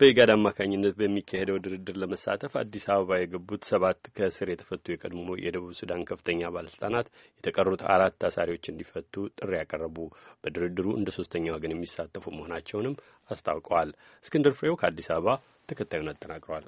በኢጋድ አማካኝነት በሚካሄደው ድርድር ለመሳተፍ አዲስ አበባ የገቡት ሰባት ከእስር የተፈቱ የቀድሞ የደቡብ ሱዳን ከፍተኛ ባለስልጣናት የተቀሩት አራት ታሳሪዎች እንዲፈቱ ጥሪ ያቀረቡ በድርድሩ እንደ ሶስተኛ ወገን የሚሳተፉ መሆናቸውንም አስታውቀዋል። እስክንድር ፍሬው ከአዲስ አበባ ተከታዩን አጠናቅሯል።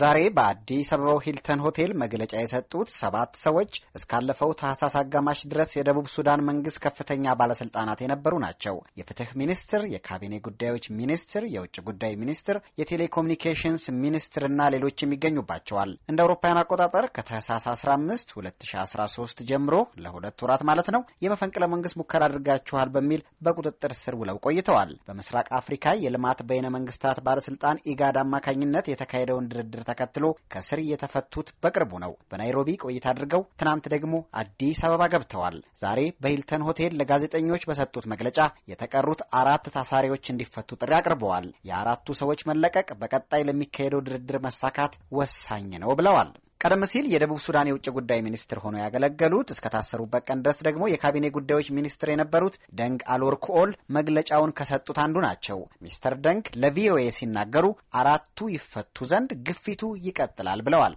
ዛሬ በአዲስ አበባው ሂልተን ሆቴል መግለጫ የሰጡት ሰባት ሰዎች እስካለፈው ታህሳስ አጋማሽ ድረስ የደቡብ ሱዳን መንግስት ከፍተኛ ባለስልጣናት የነበሩ ናቸው። የፍትህ ሚኒስትር፣ የካቢኔ ጉዳዮች ሚኒስትር፣ የውጭ ጉዳይ ሚኒስትር፣ የቴሌኮሙኒኬሽንስ ሚኒስትርና ሌሎችም የሚገኙባቸዋል። እንደ አውሮፓውያን አቆጣጠር ከታህሳስ 15 2013 ጀምሮ ለሁለት ወራት ማለት ነው የመፈንቅለ መንግስት ሙከራ አድርጋችኋል በሚል በቁጥጥር ስር ውለው ቆይተዋል። በምስራቅ አፍሪካ የልማት በይነ መንግስታት ባለስልጣን ኢጋድ አማካኝነት የተካሄደውን ድርድር ተከትሎ ከስር የተፈቱት በቅርቡ ነው። በናይሮቢ ቆይታ አድርገው ትናንት ደግሞ አዲስ አበባ ገብተዋል። ዛሬ በሂልተን ሆቴል ለጋዜጠኞች በሰጡት መግለጫ የተቀሩት አራት ታሳሪዎች እንዲፈቱ ጥሪ አቅርበዋል። የአራቱ ሰዎች መለቀቅ በቀጣይ ለሚካሄደው ድርድር መሳካት ወሳኝ ነው ብለዋል። ቀደም ሲል የደቡብ ሱዳን የውጭ ጉዳይ ሚኒስትር ሆነው ያገለገሉት እስከታሰሩበት ቀን ድረስ ደግሞ የካቢኔ ጉዳዮች ሚኒስትር የነበሩት ደንግ አሎር ኩኦል መግለጫውን ከሰጡት አንዱ ናቸው። ሚስተር ደንግ ለቪኦኤ ሲናገሩ አራቱ ይፈቱ ዘንድ ግፊቱ ይቀጥላል ብለዋል።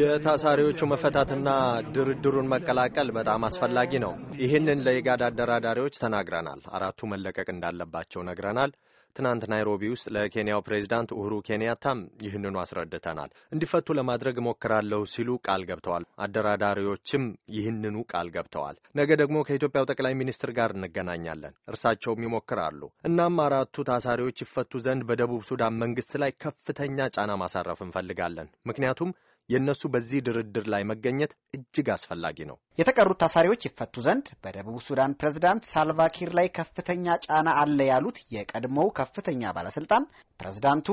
የታሳሪዎቹ መፈታትና ድርድሩን መቀላቀል በጣም አስፈላጊ ነው። ይህንን ለኢጋድ አደራዳሪዎች ተናግረናል። አራቱ መለቀቅ እንዳለባቸው ነግረናል። ትናንት ናይሮቢ ውስጥ ለኬንያው ፕሬዚዳንት ኡሁሩ ኬንያታም ይህንኑ አስረድተናል። እንዲፈቱ ለማድረግ እሞክራለሁ ሲሉ ቃል ገብተዋል። አደራዳሪዎችም ይህንኑ ቃል ገብተዋል። ነገ ደግሞ ከኢትዮጵያው ጠቅላይ ሚኒስትር ጋር እንገናኛለን። እርሳቸውም ይሞክራሉ። እናም አራቱ ታሳሪዎች ይፈቱ ዘንድ በደቡብ ሱዳን መንግስት ላይ ከፍተኛ ጫና ማሳረፍ እንፈልጋለን። ምክንያቱም የእነሱ በዚህ ድርድር ላይ መገኘት እጅግ አስፈላጊ ነው። የተቀሩት ታሳሪዎች ይፈቱ ዘንድ በደቡብ ሱዳን ፕሬዝዳንት ሳልቫኪር ላይ ከፍተኛ ጫና አለ ያሉት የቀድሞው ከፍተኛ ባለስልጣን ፕሬዝዳንቱ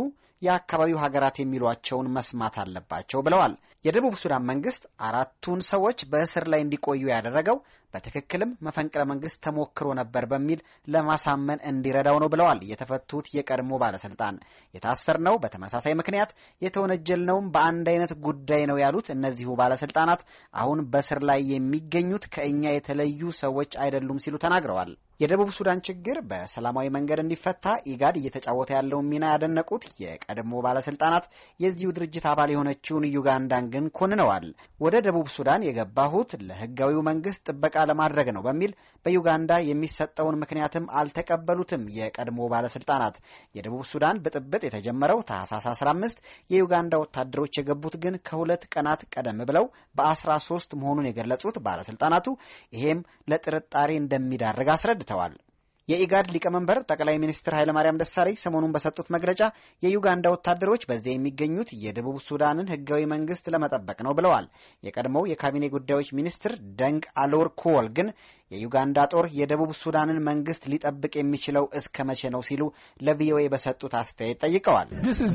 የአካባቢው ሀገራት የሚሏቸውን መስማት አለባቸው ብለዋል። የደቡብ ሱዳን መንግስት አራቱን ሰዎች በእስር ላይ እንዲቆዩ ያደረገው በትክክልም መፈንቅለ መንግስት ተሞክሮ ነበር በሚል ለማሳመን እንዲረዳው ነው ብለዋል የተፈቱት የቀድሞ ባለስልጣን። የታሰርነው በተመሳሳይ ምክንያት የተወነጀልነውም በአንድ አይነት ጉዳይ ነው ያሉት እነዚሁ ባለስልጣናት አሁን በስር ላይ የሚገኙት ከእኛ የተለዩ ሰዎች አይደሉም ሲሉ ተናግረዋል። የደቡብ ሱዳን ችግር በሰላማዊ መንገድ እንዲፈታ ኢጋድ እየተጫወተ ያለውን ሚና ያደነቁት የቀድሞ ባለስልጣናት የዚሁ ድርጅት አባል የሆነችውን ዩጋንዳን ግን ኮንነዋል። ወደ ደቡብ ሱዳን የገባሁት ለህጋዊው መንግስት ጥበቃ ለማድረግ ነው በሚል በዩጋንዳ የሚሰጠውን ምክንያትም አልተቀበሉትም። የቀድሞ ባለስልጣናት የደቡብ ሱዳን ብጥብጥ የተጀመረው ታህሳስ 15 የዩጋንዳ ወታደሮች የገቡት ግን ከሁለት ቀናት ቀደም ብለው በ13 መሆኑን የገለጹት ባለስልጣናቱ ይሄም ለጥርጣሬ እንደሚዳርግ አስረድተዋል። የኢጋድ ሊቀመንበር ጠቅላይ ሚኒስትር ኃይለማርያም ደሳለኝ ሰሞኑን በሰጡት መግለጫ የዩጋንዳ ወታደሮች በዚያ የሚገኙት የደቡብ ሱዳንን ህጋዊ መንግስት ለመጠበቅ ነው ብለዋል። የቀድሞው የካቢኔ ጉዳዮች ሚኒስትር ደንግ አሎር ኩወል ግን የዩጋንዳ ጦር የደቡብ ሱዳንን መንግስት ሊጠብቅ የሚችለው እስከ መቼ ነው ሲሉ ለቪኦኤ በሰጡት አስተያየት ጠይቀዋል። uh,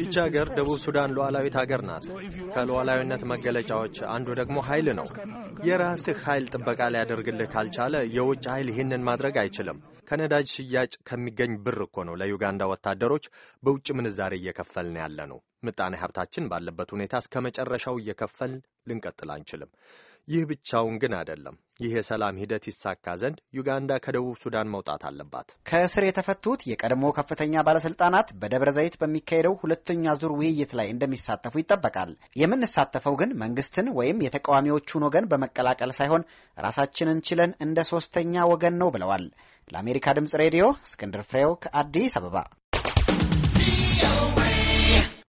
ይቺ ሀገር ደቡብ ሱዳን ሉዓላዊት ሀገር ናት። ከሉዓላዊነት መገለጫዎች አንዱ ደግሞ ኃይል ነው። የራስህ ኃይል ጥበቃ ሊያደርግልህ ካልቻለ የውጭ ኃይል ይህንን ማድረግ አይችልም። ከነዳጅ ሽያጭ ከሚገኝ ብር እኮ ነው ለዩጋንዳ ወታደሮች በውጭ ምንዛሬ እየከፈልን ያለ ነው። ምጣኔ ሀብታችን ባለበት ሁኔታ እስከ መጨረሻው እየከፈል ልንቀጥል አንችልም። ይህ ብቻውን ግን አይደለም። ይህ የሰላም ሂደት ይሳካ ዘንድ ዩጋንዳ ከደቡብ ሱዳን መውጣት አለባት። ከእስር የተፈቱት የቀድሞ ከፍተኛ ባለስልጣናት በደብረ ዘይት በሚካሄደው ሁለተኛ ዙር ውይይት ላይ እንደሚሳተፉ ይጠበቃል። የምንሳተፈው ግን መንግስትን ወይም የተቃዋሚዎቹን ወገን በመቀላቀል ሳይሆን ራሳችንን ችለን እንደ ሶስተኛ ወገን ነው ብለዋል። ለአሜሪካ ድምጽ ሬዲዮ እስክንድር ፍሬው ከአዲስ አበባ